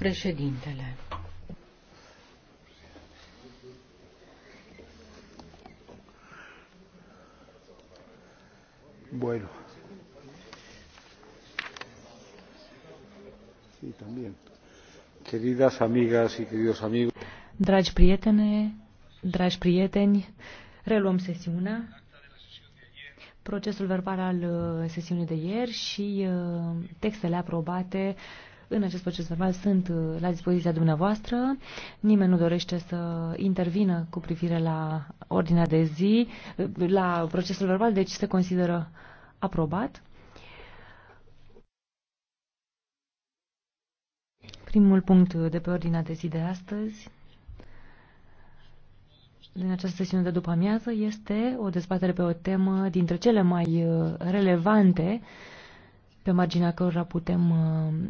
Președintele. Bueno. Sí, también. Queridas amigas y queridos amigos. Dragi prietene, dragi prieteni, reluăm sesiunea procesul verbal al uh, sesiunii de ieri și uh, textele aprobate în acest proces verbal sunt uh, la dispoziția dumneavoastră. Nimeni nu dorește să intervină cu privire la ordinea de zi, uh, la procesul verbal, deci se consideră aprobat. Primul punct de pe ordinea de zi de astăzi din această sesiune de după amiază este o dezbatere pe o temă dintre cele mai uh, relevante pe marginea cărora putem